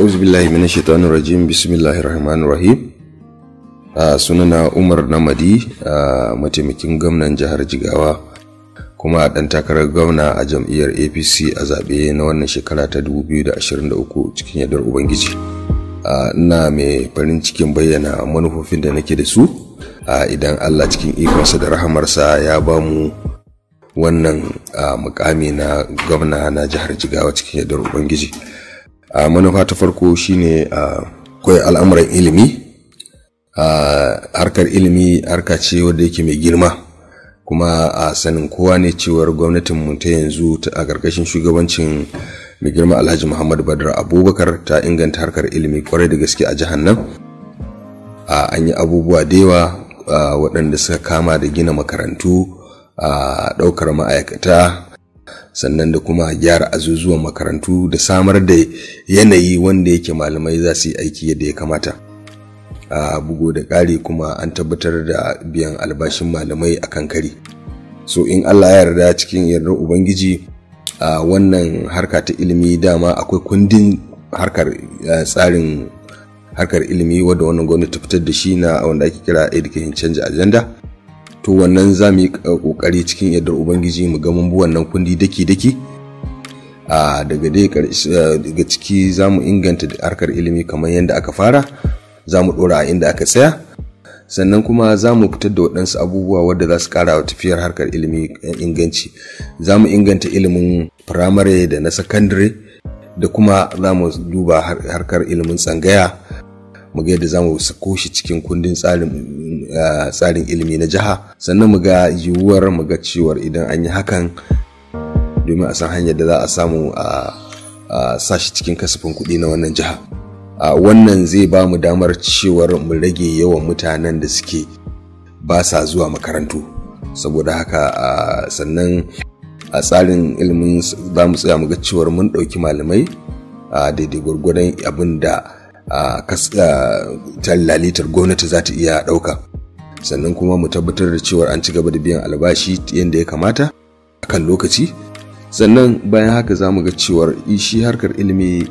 a'udhu billahi minash shaitanir rajim rahim a ah, sunana Umar Namadi a ah, mataimakin gwamnan jihar Jigawa kuma dan takarar gwamna a jam'iyyar APC a zaɓe na wannan shekara ta 2023 cikin yardar ubangiji ah, ina mai farin cikin bayyana manufofin da nake da su idan Allah cikin ikonsa da rahamarsa ya bamu wannan mukami na gwamna na jihar Jigawa cikin yadar ubangiji a manufa ta farko shine a koya al'amuran ilimi a harkar ilimi harka ce wadda yake mai girma kuma a sanin kowa ne cewar gwamnatinmu ta yanzu a ƙarƙashin shugabancin mai girma alhaji muhammadu badar abubakar ta inganta harkar ilimi kwarai da gaske a jihar nan a an yi abubuwa da yawa waɗanda suka kama da gina makarantu a ɗaukar ma'aikata sannan da kuma gyara azuzuwan makarantu da samar da yanayi wanda yake malamai za su yi aiki yadda ya kamata a bugu da ƙari kuma an tabbatar da biyan albashin malamai a kankari so in allah ya yarda cikin yardar ubangiji a wannan harka ta ilimi dama akwai kundin harkar tsarin harkar ilimi wadda wannan gwamnati ta fitar da shi na wanda ake kira education change agenda to wannan za mu yi kokari eh, cikin yadda ubangiji mu ga mun wannan kundi daki daki a daga dai eh, daga ciki za mu inganta harkar ilimi kamar yadda aka fara za mu dora a inda aka tsaya sannan kuma za mu fitar da waɗansu abubuwa wadda za su ƙara wa tafiyar harkar ilimi eh, inganci za mu inganta ilimin firamare da na sakandare da kuma za mu duba harkar ilimin tsangaya mu ga yadda za mu sako shi cikin kundin tsarin tsarin ilimi na jiha sannan mu ga yiwuwar mu ga ciwar idan an yi hakan domin a san hanyar da za a samu a sashi cikin kasafin kuɗi na wannan jiha wannan zai ba mu damar cewar mu rage yawan mutanen da suke ba sa zuwa makarantu saboda haka sannan a tsarin ilimin za mu tsaya mu ga cewar mun ɗauki malamai a daidai gwargwadon abin da lalitar gwamnati za ta iya ɗauka sannan kuma mu tabbatar da cewa an ci gaba da biyan albashi yadda ya kamata a kan lokaci sannan bayan haka za mu ga cewa shi harkar ilimi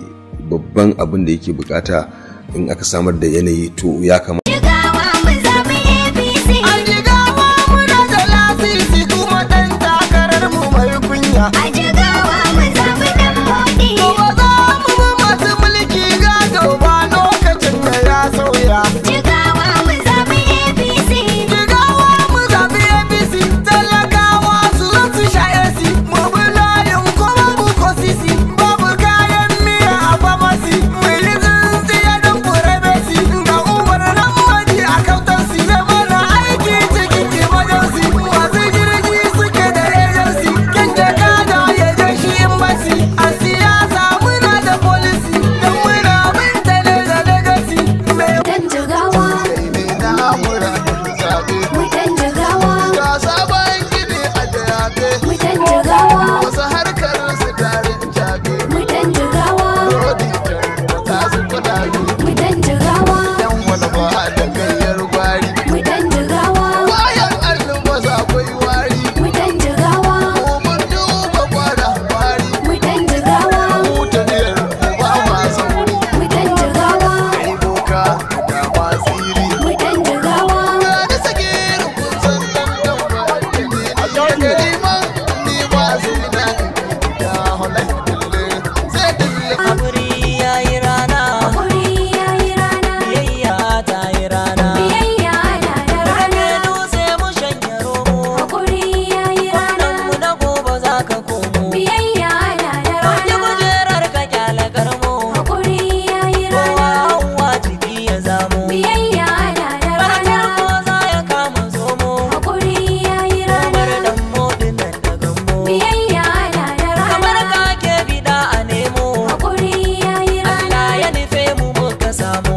babban abin da yake bukata in aka samar da yanayi to ya kamata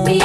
We. Mi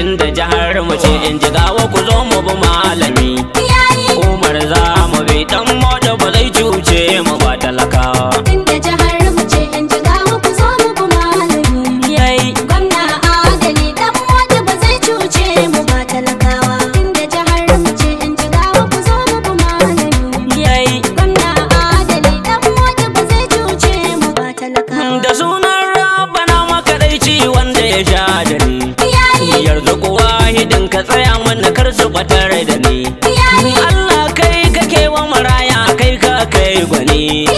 tun da jihar mu in ji gawa ku zo mu bi malami kai gwani